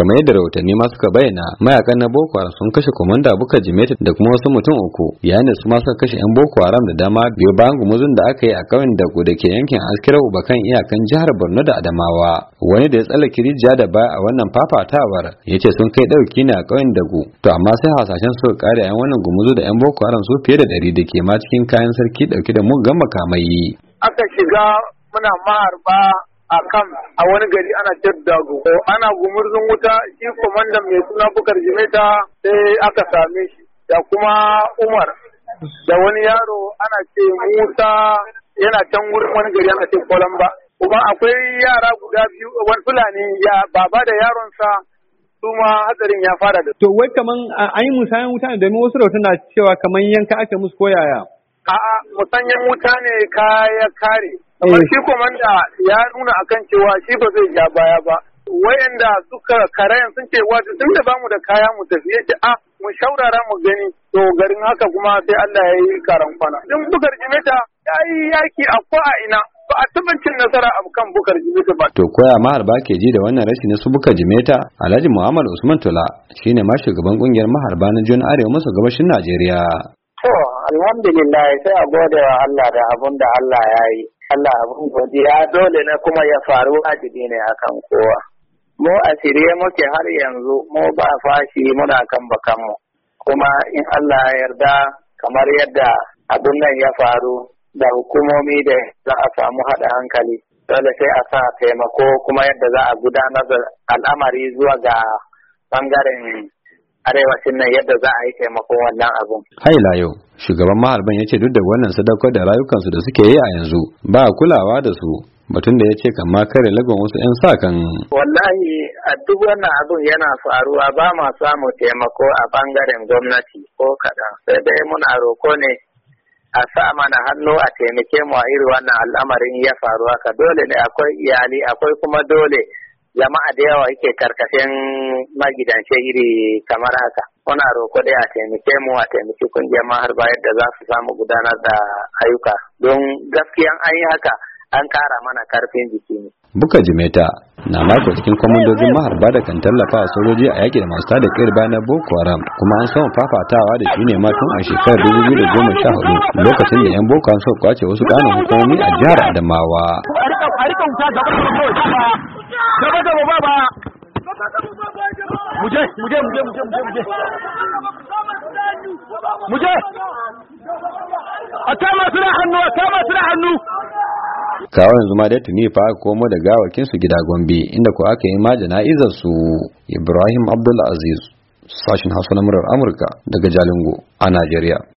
kamar yadda rahotanni ma suka bayyana mayakan na boko haram sun kashe komanda buka jimeta da kuma wasu mutum uku yayin da su ma suka kashe yan boko haram da dama biyu bayan gumuzun da aka yi a ƙauyen da da ke yankin askirau bakan iyakan jihar borno da adamawa wani da ya tsala kirija da baya a wannan fafatawar ya ce sun kai ɗauki ne a kauyen dago to amma sai hasashen suka kare yan wannan gumuzu da yan boko haram su fiye da ɗari da ke ma cikin kayan sarki ɗauke da mun gama makamai aka shiga muna maharba a kan a wani gari ana dago. ana gumurzun wuta shi kwamandan mai suna bukar jimeta sai aka same shi da kuma umar da wani yaro ana ce musa yana can wurin wani gari ana ce kolamba kuma akwai yara guda biyu wani fulani ya baba da yaronsa su ma hatsarin ya fara da to wai kaman an yi musayan wuta ne domin wasu rahoton na cewa kaman yanka ake musu koyaya a'a musanyen wuta ne kaya kare Eh. shi komanda ya nuna akan cewa shi ba zai ja baya ba. Wayanda suka karayan sun ce wato tun da bamu da kaya mu tafi yace a ah, mu shaurara mu gani to garin haka kuma sai Allah ya yi karan kwana. din bukar jimeta ya yi yaki a ko'a ina ba a taɓa cin nasara a kan bukar jimeta ba. To koya maharba ke ji da wannan rashin na su bukar jimeta Alhaji Muhammad Usman Tula shine ma shugaban kungiyar maharba na John Arewa masa gabashin Najeriya. To alhamdulillah sai a gode wa Allah da abun da Allah ya yi. Allah abin godiya dole ne kuma ya faru wajibi ne a kan kowa. Mu a shirye muke har yanzu mu ba fashi muna kan bakanmu. Kuma in Allah ya yarda kamar yadda abin nan ya faru da hukumomi da za a samu haɗa hankali. Dole sai a sa taimako kuma yadda za a gudanar da al'amari zuwa ga ɓangaren arewacin nan yadda za a yi taimako wannan abun. Haila yau. shugaban maharban ya ce duk da wannan sadaukar da rayukansu da suke yi a yanzu ba kulawa da su batun da ya ce kan kare lagon wasu 'yan sa kan wallahi a duk wannan abun yana faruwa ba ma samu taimako a bangaren gwamnati ko kaɗan sai dai muna roko ne a sa mana hannu a taimake mu a irin wannan al'amarin ya faru haka, dole ne akwai iyali akwai kuma dole jama'a da yawa yake karkashin magidance iri kamar haka muna roko dai a taimake mu a taimaki kungiyar mahar yadda da za su samu gudanar da ayyuka don gaskiyan an yi haka an kara mana karfin jiki ne. Buka Jimeta na mako cikin kwamandojin maharba da kan tallafa a sojoji a yaƙi da masu tada kayar na Boko Haram kuma an samu fafatawa da shi ne ma tun a shekarar dubu da goma sha hudu lokacin da 'yan Boko Haram suka kwace wasu ƙananan hukumomi a jihar Adamawa. gaba gaba ba ba muje muje muje muje muje muje muje a hannu a hannu kawo yanzu ma dai tuni fa komo da gawakin su gida Gombe inda ko aka yi ma jana'izar su Ibrahim Abdul Aziz sashin Hausa na murar Amurka daga Jalingo a Najeriya